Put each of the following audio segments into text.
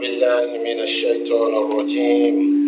بالله من الشيطان الرجيم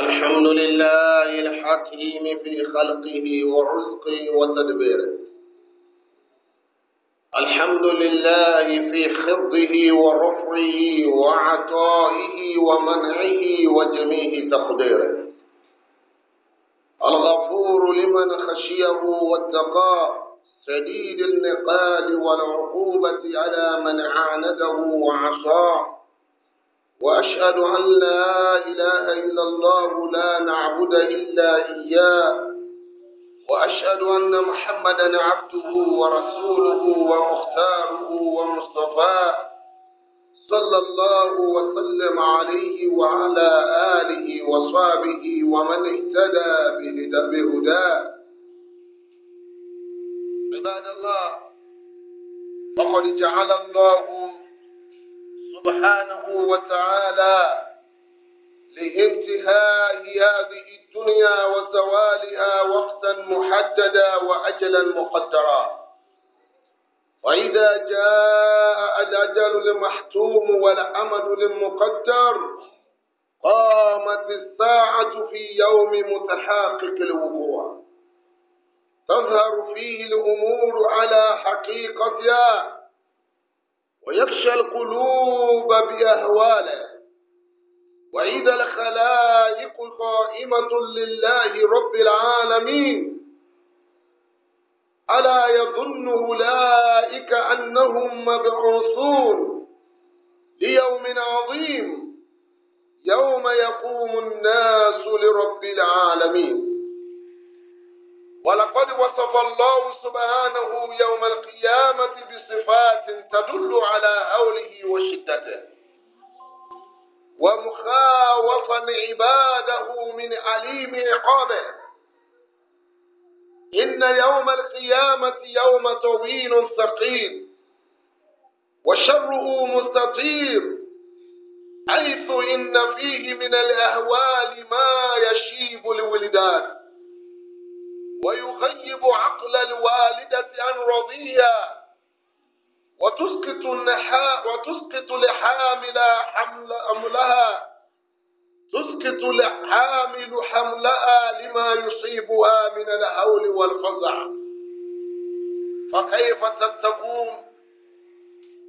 الحمد لله الحكيم في خلقه وعزقه وتدبيره الحمد لله في خضه ورفعه وعطائه ومنعه وجميع تقديره الغفور لمن خشيه واتقاه سديد النقال والعقوبة على من عانده وعصاه وأشهد أن لا إله إلا الله لا نعبد إلا إياه وأشهد أن محمدا عبده ورسوله ومختاره ومصطفاه صلى الله وسلم عليه وعلى آله وصحبه ومن اهتدى بهداه عباد الله فقد جعل الله سبحانه وتعالى لانتهاء هذه الدنيا وزوالها وقتا محددا وأجلا مقدرا وإذا جاء الأجل المحتوم والأمل المقدر قامت الساعة في يوم متحقق الوقوع تظهر فيه الأمور على حقيقتها ويغشى القلوب بأهواله وإذا الخلائق قائمة لله رب العالمين ألا يظن أولئك أنهم مبعوثون ليوم عظيم يوم يقوم الناس لرب العالمين ولقد وصف الله سبحانه يوم القيامة بصفات تدل على هوله وشدته ومخاوفا عباده من أليم عقابه إن يوم القيامة يوم طويل ثقيل وشره مستطير حيث إن فيه من الأهوال ما يشيب الولدان ويغيب عقل الوالدة عن رضيها وتسقط النحاء وتسقط لحامل حمل أملها تسقط الحامل حملها لما يصيبها من الهول والفزع فكيف تتقون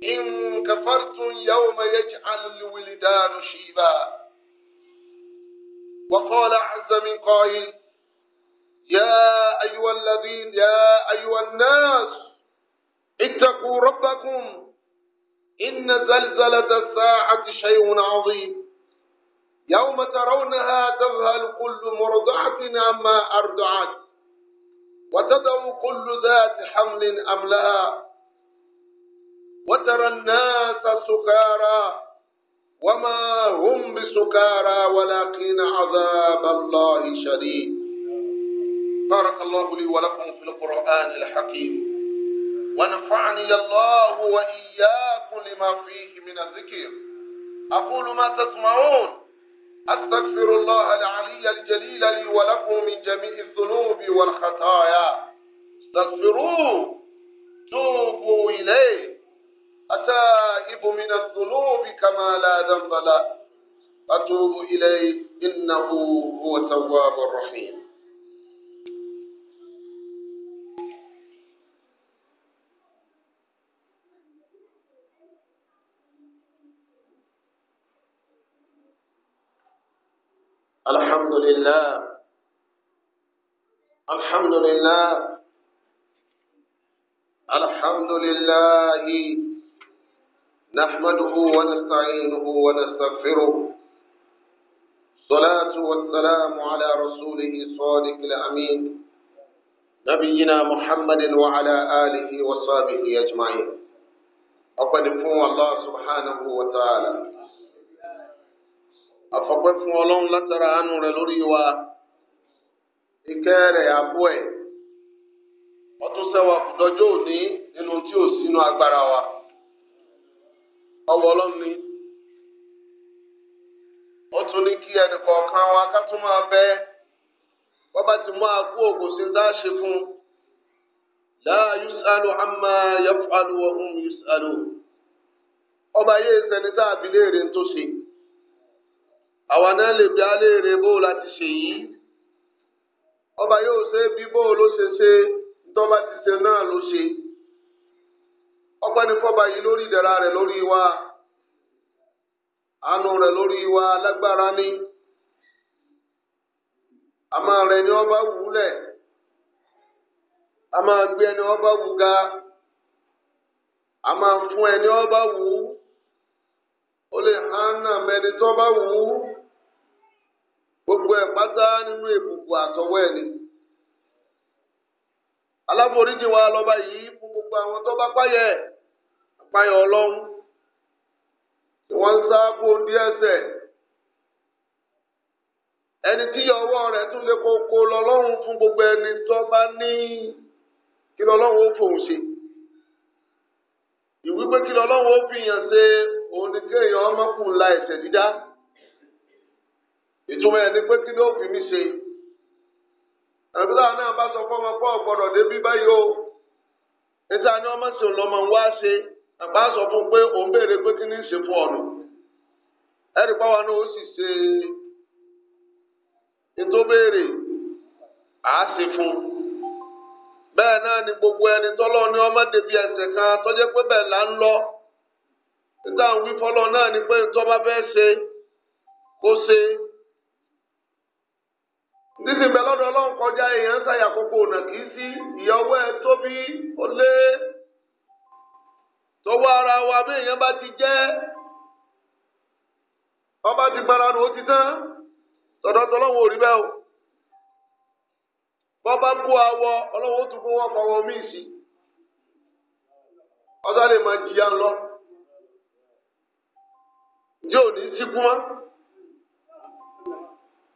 إن كفرتم يوم يجعل الولدان شيبا وقال عز من قائل يا أيها الذين يا أيها الناس اتقوا ربكم إن زلزلة الساعة شيء عظيم يوم ترونها تذهل كل مرضعة عما أرضعت وتدعو كل ذات حمل أملها وترى الناس سكارى وما هم بسكارى ولكن عذاب الله شديد بارك الله لي ولكم في القرآن الحكيم ونفعني الله وإياكم لما فيه من الذكر أقول ما تسمعون أستغفر الله العلي الجليل لي ولكم من جميع الذنوب والخطايا استغفروه توبوا إليه أتائب من الذنوب كما لا ذنب له أتوب إليه إنه هو التواب الرحيم الحمد لله الحمد لله الحمد لله نحمده ونستعينه ونستغفره الصلاة والسلام على رسوله صادق الأمين نبينا محمد وعلى آله وصحبه أجمعين أقدم الله سبحانه وتعالى àfọpẹ́ fún ọlọ́run latara àánú rẹ̀ lórí wa Ike rẹ̀ àbú ẹ̀ ọtún sẹ́wà òní tí o sinu agbára wa ọwọ́ ọlọ́run ni ní kí ẹnìkọ̀ọ̀kan wa ká tún máa bẹ́ ti mú àkú òkú sí fún ama ọba yéé sẹni tá a léèrè àwa náà lè bí aléèrè bó láti ṣe yìí ọba yóò ṣe bí bó ló ṣe ṣe tọ́ba ti ṣe náà ló ṣe ọpẹ́ ní fọ́ba yìí lórí ìdẹ̀ra rẹ̀ lórí wa àánú rẹ̀ lórí wa lágbára ní àmà rẹ̀ ni ọba wúlẹ̀ àmà gbé ẹni ọba wù ga àmà fún ẹni ọba wù ó lè hàn náà mẹni tó wù ú. gbogbo ẹ pátá nínú ìbùkún àtọwọ ẹ̀ ni. aláforíjì wa yìí fún gbogbo àwọn tó bá páyẹ̀ páyẹ̀ ọlọ́run tí wọ́n ń sá kó di ẹni tí yọ ọwọ́ rẹ̀ tún lè kókó fún gbogbo ẹni tó bá ní kí ó fòun ṣe ìwí pé kí ó fi yàn la dídá. ìtumọ̀ ẹni pé kí ló fi mí ṣe àbúrò àwọn náà bá sọ fún ọmọ pọ́ ọ̀gbọ́dọ̀ débí báyìí o níta ni ọmọ sì lọ́mọ ń wá ṣe àbá sọ fún pé òun béèrè pé kí ní í ṣe fún ọ̀nà ẹ̀rí pàwọn náà ó sì ṣe ìtòbéèrè àá ṣe fún bẹ́ẹ̀ náà ni gbogbo ẹni tọ́lọ́ ní ọmọ débi ẹsẹ̀ kan tọ́jẹ́ pé bẹ́ẹ̀ là ń lọ níta ń wí fọlọ́ náà ni pé tọ́ bá fẹ́ ṣe kó ṣe. títí bẹ lọ́dọ̀ ọlọ́run kọjá èèyàn ń sàyà kókó ọ̀nà kì í sí ìyọwọ́ ẹ tóbi ó lé tọwọ́ ara wa bí èèyàn bá ti jẹ́ ọba ti ti tán o bọ́bá bú awọ ọlọ́run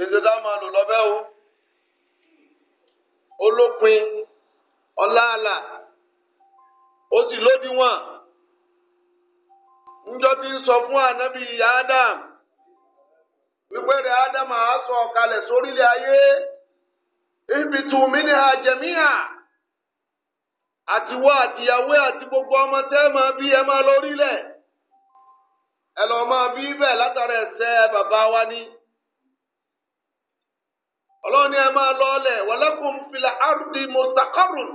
èsì Manu a máa lò lọ́bẹ̀ o wọn ọláàlà ó ti ń sọ fún ànábì Adam wípé rẹ̀ Adam á sọ kalẹ̀ sórílẹ̀ ayé ibi tù mí ní àjẹmíhà àtiwọ́ àtìyàwó àti gbogbo ọmọ tẹ ẹ máa bí ẹ máa lórílẹ̀ ẹ lọ́ọ́ máa bí bẹ́ẹ̀ látara ẹ̀ṣẹ̀ bàbá wa ni. ọlọ́run ni ẹ máa lọ ọlẹ̀ walakum fil ardi mustaqarrun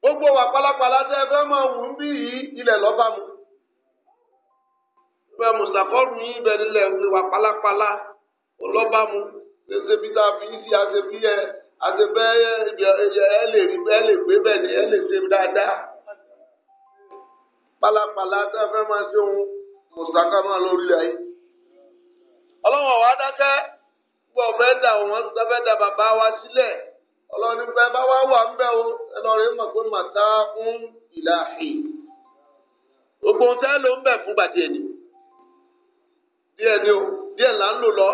gbogbo wà pálapàla tẹ́ ẹ fẹ́ máa wù ú bí yìí ilẹ̀ lọ́ba mu ìbẹ̀ mustaqarrun yìí ibẹ̀ nílẹ̀ wà pálapàla lọ́ba mu ṣèṣe bí tá a fi yí sí àṣẹ bí ẹ àṣẹ bẹ́ẹ̀ ẹ lè rí bẹ́ẹ̀ lè gbé bẹ́ẹ̀ ni ẹ lè ṣe dáadáa pálapàla tẹ́ ẹ fẹ́ máa ṣe ohun mustaqarrun lórí ayé ọlọ́run ọ̀wá dákẹ́ pé ọ̀fẹ́ dà wọ́n sáfẹ́ dà bàbá wa sílẹ̀ ọlọ́ni pẹ́ bá wá wà ń bẹ́ o ẹlọ́rin mọ̀ pé màtá ń ìlàhì gbogbo ohun tẹ́ ló ń bẹ̀ fún gbàdí ẹni díẹ̀ ni o díẹ̀ là ń lò lọ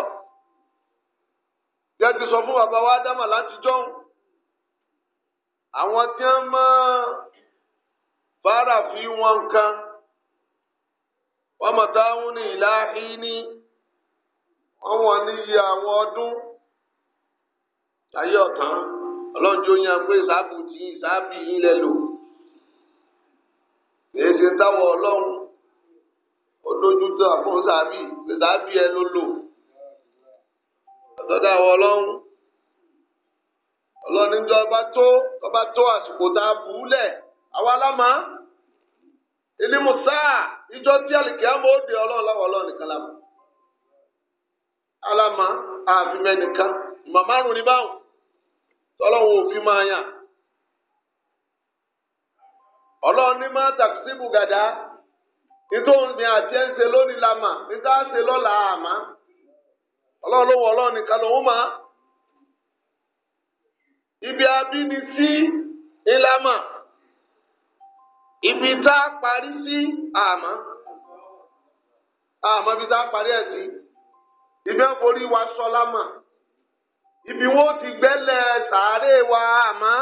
díẹ̀ ti sọ fún bàbá wa dámà láti àwọn tí wọ́n máa fara fi wọn kan wọ́n màtá ń ní ìlàhì ní ọwọ́n níyì àwọn ọdún ayé ọ̀tán ọlọ́njọ́ yẹn pé ìsáàbù tí ìsáàbì yín lẹ lò èyí ti ń táwọn ọlọ́run olójútó àfún sáàbì ìsáàbì ẹ ló lò ọ̀tọ́dá àwọn ọlọ́run ọlọ́nijọ́ ọba tó ọba tó àsìkò tá a bù ú lẹ̀ àwa lámà ìlímùsáà ìjọ tí àlìkẹ́ àmọ́ òde ọlọ́run láwọn ọlọ́run nìkan lámà alama àfimẹnìkan ìmọ̀ márùn-ún ní báwọn tọ́lọ́wọ́ òfin máa yàn. ọlọ́run ní má tàkìsíbù gàdá nítorí ní àti ẹ̀ ń ṣe lónìí la mà níta ṣe lọ́la àmà ọlọ́run ló wọ ọlọ́run nìkan lòún mà. ibi abíni sí ìlàmà ibi tá a parí sí àmà àmọ́ ibi tá a parí ẹ̀ sí. ibi àforí wa sọlá mà ibi wo ti gbẹ́lẹ̀ sàárè wa àmọ́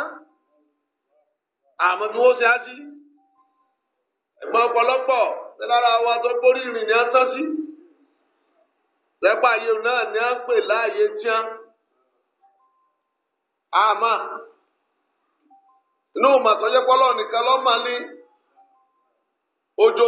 àmọ́ bí wọ́n ṣe á sí ẹ̀gbọ́n ọ̀pọ̀lọpọ̀ lára wa tó borí ìrìn a atán sí lẹ́pà náà ni a ń pè láàyè tíá àmọ́ inú màtọ́jẹ́pọ́lọ́ nìkan lọ́mọ ní òjò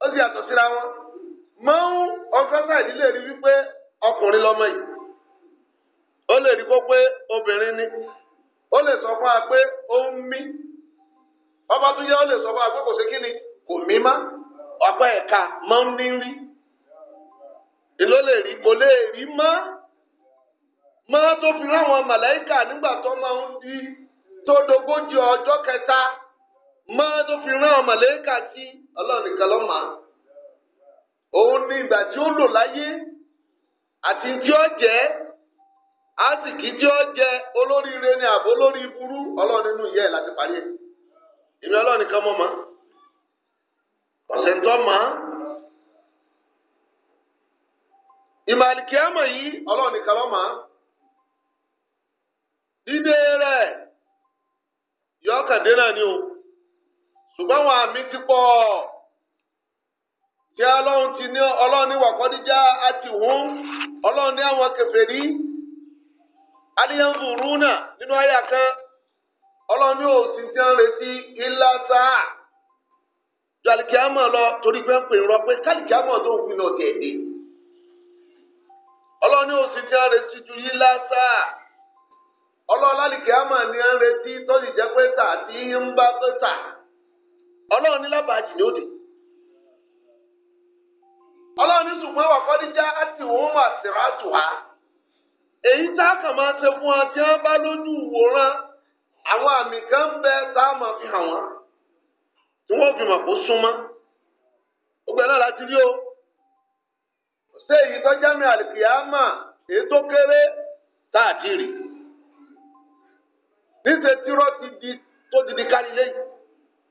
ó sì yàtọ̀ síra wọn mọ́hún ọ̀fẹ́sà ìdílé rí wípé ọkùnrin lọmọ yìí ó lè rí kó pé obìnrin ni ó lè sọ fún wa pé ó ń mí ọba tó yẹ ó lè sọ fún wa pé kò sí kí ni kò mí má ọ̀pá ẹ̀ka máa ń ní rí lè rí kò lè rí tó fi máa tó fi rán ọmọlẹ́kà sí ọlọ́run nìkan ló mọ̀ òun ní ìgbà tí ó lò láyé àti tí ó jẹ́ àsìkí tí ó ni àbó lórí burú ọlọ́run nínú ẹ̀ láti parí ẹ̀ ìmí ọlọ́run maa mọ̀ ọ̀sẹ̀ ń ìmàlìkì ẹ̀mọ̀ yìí ni o. ṣùgbọ́n wọn àmì ti pọ̀ tí ọlọ́run ti ní ọlọ́run ní àti òun ọlọ́run ní àwọn kèfèrí aliyanzuruna nínú àyà kan ọlọ́run òsì tí wọ́n retí ilá lọ torí pé ń pè rọ pé tó ń fi lọ tẹ̀lé ọlọ́run retí ju sáà ọlọ́run ni ń retí ọlọ́run lábàájì ni ó dé ọlọ́run ní ṣùgbọ́n ní já àti òun mà síra wá èyí tá a kàn máa ṣe fún ọ tí wọ́n bá lójú wòran àwọn àmì kan ń bẹ tá a máa fi hàn wọ́n tí wọ́n fi mọ̀ kó súnmọ́ gbogbo náà láti rí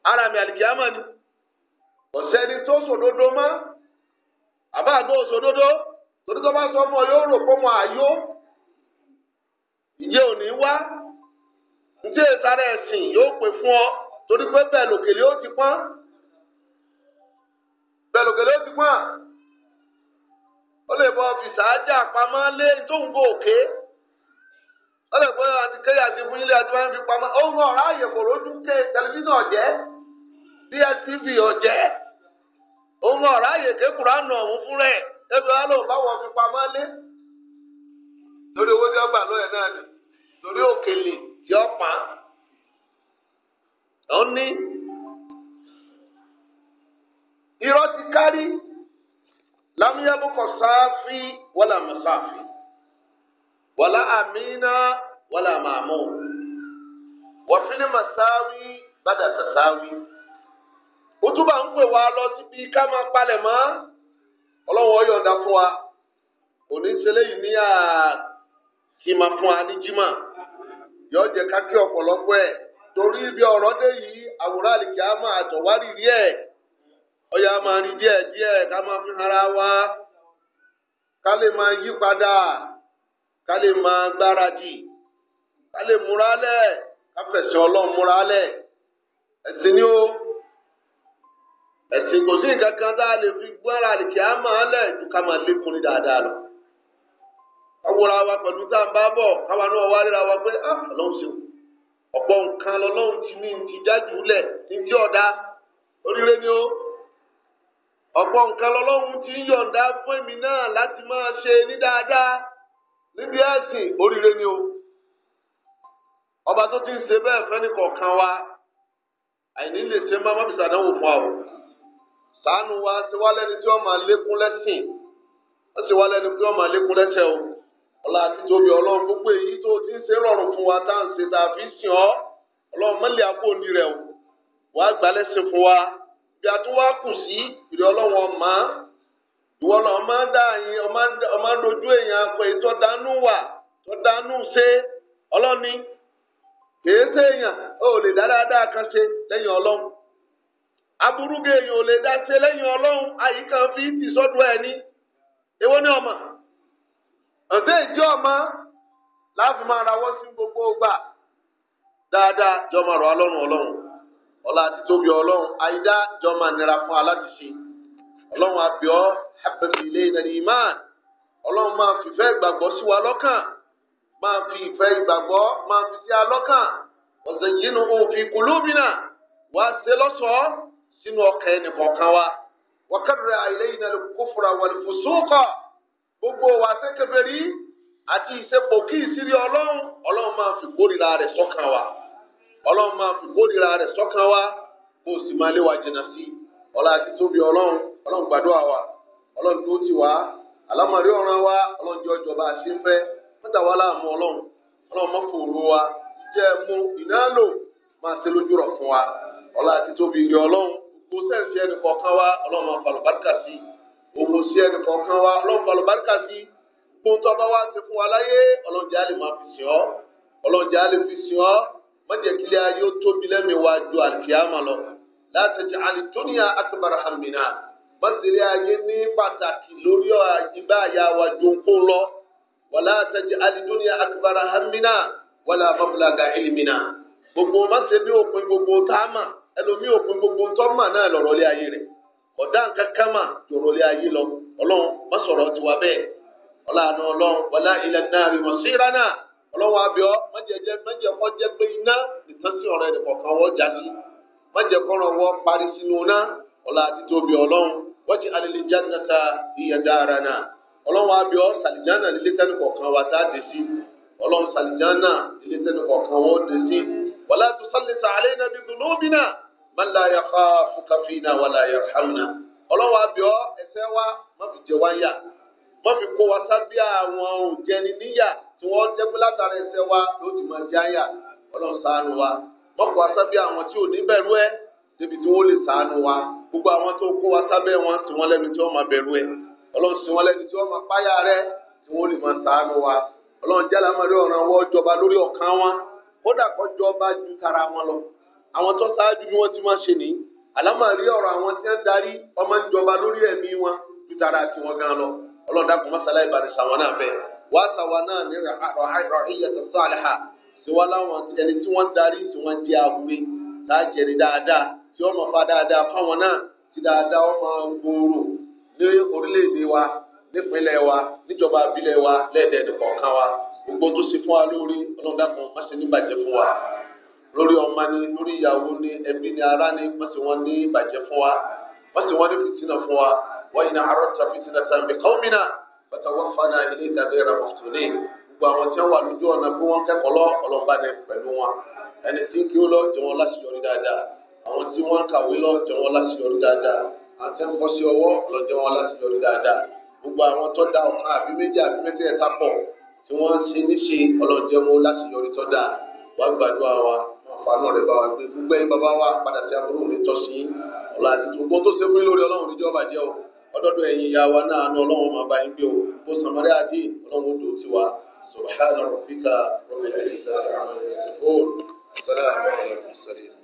ara mi àlìkíyàmọ ni ọ̀sẹ́ni tó sòdodo ma àbá àgbọ̀ sòdodo torí tó bá sọ yóò rò pé mo àyó ìyẹ́ òní wá njẹ́ ìsáré ẹ̀sìn yóò pè fún ọ torí pé bẹẹ lòkèlè ó ti pọ́n bẹẹ lòkèlè ó ti ó lè fìsà ájà lé tóun ọlọ́gbọ́n àti kẹ́yà àti fún ilé àti máa ń fi pamọ́ ohun ọ̀rá àyẹ̀kọ̀rọ̀ ojú kẹ́ tẹlifíṣàn ọ̀jẹ́ DSTV ọ̀jẹ́ ohun ọ̀rá àyẹ̀kẹ́ kùránù ọ̀hún fún rẹ̀ ẹbí wa lòun báwọn fi pamọ́ lé lórí owó tí wọ́n gbà lóyè náà ni lórí òkèlè tí pa ó ní irọ́ ti kárí lámúyábùkọ̀ sáfì wala amina wala maamu wọ́fíní masáwí bàdà tasáwí. ó túbà ń pè wá lọ síbi ká máa ma mọ́ ọlọ́run ó yọ̀ǹda fún wa òní ṣẹlẹ̀ fún wa ní yọ jẹ ká ẹ torí ibi ọrọ dé yìí àwòrán àlìkí fi wa ma yi padà. ká lè máa gbáradì ká lè múra ká fẹ̀sìn ọlọ́run múra lẹ̀ ni ó ẹ̀sìn kò sí nǹkan kan tá a lè fi gbára á máa ju ká máa lékun ní dáadáa lọ. wa pẹ̀lú tá à bá bọ̀ káwa náà wá ríra wa pé ah, ṣe ọ̀pọ̀ nǹkan lọ́lọ́run ti ti lẹ̀ ní ni ó níbi ẹ̀sìn oríire ni o ọba tó ti ń ṣe bẹ́ẹ̀ fẹ́ni kọ̀ọ̀kan wa àìní lè ṣe má mábìsà dánwò fún àwọn ṣàánú wa ṣe wá lẹ́ni tí wọ́n máa lékún lẹ́sìn wọ́n ṣe wá lẹ́ni tí wọ́n máa lékún lẹ́sẹ̀ o ọlá àti tóbi ọlọ́run gbogbo èyí tó ti ń ṣe rọrùn fún wa tá à ń ṣe tá a fi sìn ọ́ ọlọ́run mọ́lẹ̀ àpò òní rẹ̀ o wàá gbà lẹ́sìn fún wa bí a tún wá kù sí ìrẹ́ ọlọ́run ọ̀ ìwọ náà ọmọ dá yín ọmọ dojú èèyàn akọ ètò ọ̀dánù wà ọ̀dánù ṣe ọlọ́ni kìí ṣe èèyàn ó lè dáadáa kan ṣe lẹ́yìn ọlọ́run aburúgẹ èèyàn ò lè dá ṣe lẹ́yìn ọlọ́run àyíká fi ti sọ́dọ̀ ẹ̀ ni ọmọ ọ̀sẹ̀ ìjọ ọmọ láàfin máa sí gbogbo dáadáa ọlọ́run ọlá àti tóbi ọlọ́run àyídá nira fún ọlọ́run àbíọ́ àbẹ̀bí ilé ìnáni imán ọlọ́run máa fi ìfẹ́ ìgbàgbọ́ sí wa lọ́kàn máa fi ìfẹ́ ìgbàgbọ́ máa fi sí alọ́kàn ọ̀sẹ̀ yìí nu òfin kùlùmínà wá ṣe lọ́sọ̀ọ́ sínú ọkàn ẹnì wa wọ́kẹ́rẹ́ àìlè ìnáni kófòrà wàlúfòsókọ̀ gbogbo wa sẹ́kẹ̀bẹ̀rí àti ìsepò kí ìsírí ọlọ́run ọlọ́run máa fi kórìíra rẹ̀ sọ́kàn wa ọlọ́run máa fi kórìíra rẹ̀ sọ́kàn wa kó o sì máa lé wa jìnnà sí ọlá àti tóbi ọlọ́run ọlọ́run gbàdúrà wa ọlọ́run tó ti wá àlámọ̀rí ọ̀ràn wa ọlọ́run jẹ́ ọjọ́ bá a ṣe ń fẹ́ mẹ́ta wa láàmú ọlọ́run ọlọ́run mọ́ fòrò wa jẹ́ mú ìdánlò máa ṣe lójú rọ̀ fún wa ọlá àti tóbi ìrẹ̀ ọlọ́run gbogbo sẹ́ǹsì ẹnì kọ̀ọ̀kan wa ọlọ́run máa falọ̀ bárkà sí gbogbo sí ẹnì kọ̀ọ̀kan wa ọlọ́run falọ̀ bárkà sí gbogbo tó bá wá ti fún wa láyé ọlọ́run jẹ́ àlè máa fi sìn ọ́ ọlọ́run mọ́tìrí ayé ní pàtàkì lórí ìgbà àyà wa ju lọ wàlá àtẹjẹ alidúniya akibara hamina wàlá mabulaga ilimina gbogbo mọ́tìrí mi òpin gbogbo táàmà ẹlòmí òpin gbogbo tọ́mà náà lọ̀rọ̀ lé ayé rẹ̀ ọ̀dà nǹkan kan mà jọ̀rọ̀ lé ayé lọ ọlọ́run má sọ̀rọ̀ tiwa bẹ́ẹ̀ ọlọ́run ọlọ́run wàlá ilẹ̀ náà rí sí ìrànà ọlọ́run abiọ́ pé iná ọ̀rẹ́ wọ́n wọ́n parí waj'al al-jannata hiya darana ọlọ́run abiọ́ sàlìjánà nílé tẹ́nu kọ̀ọ̀kan wa tá a dé sí ọlọ́run sàlìjánà nílé tẹ́nu kọ̀ọ̀kan wa ó dé sí wala tusallit alayna bi dhunubina man la yakhafuka fina wala yarhamna ọlọ́run abiọ́ ẹ̀ṣẹ̀ wa má fi jẹ wá yà má fi kó wa sábẹ́ àwọn òjẹni níyà tí wọ́n jẹ́ pé látara ẹ̀ṣẹ̀ wa ló ti máa jẹ́ àyà ọlọ́run ṣàánú wa má kó wa sábẹ́ àwọn tí ò ní bẹ̀rù ẹ̀ débi tí wọ́n lè ṣàánú wa gbogbo àwọn tó kó wa sábẹ́ wọn sì wọ́n lẹ́nu tí wọ́n máa bẹ̀rù ẹ̀ ọlọ́run sì wọ́n lẹ́nu tí wọ́n máa páyà rẹ̀ tí wọ́n lè máa sàánú wa ọlọ́run jẹ́ ọ̀ràn jọba lórí ọ̀kan wọn kódà jọba ju tara wọn lọ àwọn ti máa ṣe nìyí ọ̀rọ̀ àwọn tí wọ́n wọn gan lọ ọlọ́run tí ó mọ̀ fa dáadáa fáwọn náà tí dáadáa ó máa ń gbòòrò ní orílẹ̀-èdè wa nípínlẹ̀ wa níjọba abílẹ̀ wa lẹ́ẹ̀dẹ̀ẹ̀dẹ̀ kọ̀ọ̀kan wa gbogbo tó ṣe fún wa lórí ọlọ́dà kan má ṣe níbàjẹ́ fún wa lórí ọmọ ni lórí ìyàwó ni ẹbí ni ará ni má ṣe wọn ní ìbàjẹ́ fún wa má ṣe wọn ní fìtínà fún wa wọ́n yìí ní arọ́ta fìtínà tàbí kọ́mínà bàtà wọ́n fana ilé ìtàgé ra mọ̀tòlé gbogbo àwọn tí wọ́n wà lójú ọ̀nà bí wọ́n kẹ́kọ̀ọ́ lọ́ ọlọ́ba ni pẹ̀lú wọn ẹni tí kí ó lọ jẹun láṣìyọrí dáadáa àwọn tí wọ́n kàwé lọ́jọ́ wọn láti yọrí dáadáa àti ẹ̀kọ́sí ọwọ́ lọ́jọ́ wọn láti yọrí dáadáa gbogbo àwọn tó da ọ̀kan àbí méjì àbí mẹ́tẹ̀ẹ̀ta pọ̀ tí wọ́n ṣe níṣe ọlọ́jọ́ wọn láti yọrí tó dáa wọ́n gbàdúrà wa fanu rẹ bá wa gbé gbogbo ẹyin bàbá wa padà sí aburú mi tọ́ sí ọ̀la àti gbogbo tó sẹ́kùn lórí ọlọ́run níjọ́ bàjẹ́ o ọdọọdọ ẹ̀yin ìyá wa náà nu ọlọ́run máa bá yín gbé o bó sàmárẹ́ àdé ọlọ́run tó ti wa subhana rabbika rabbil izzati amma yasifun salamun ala al mursalin.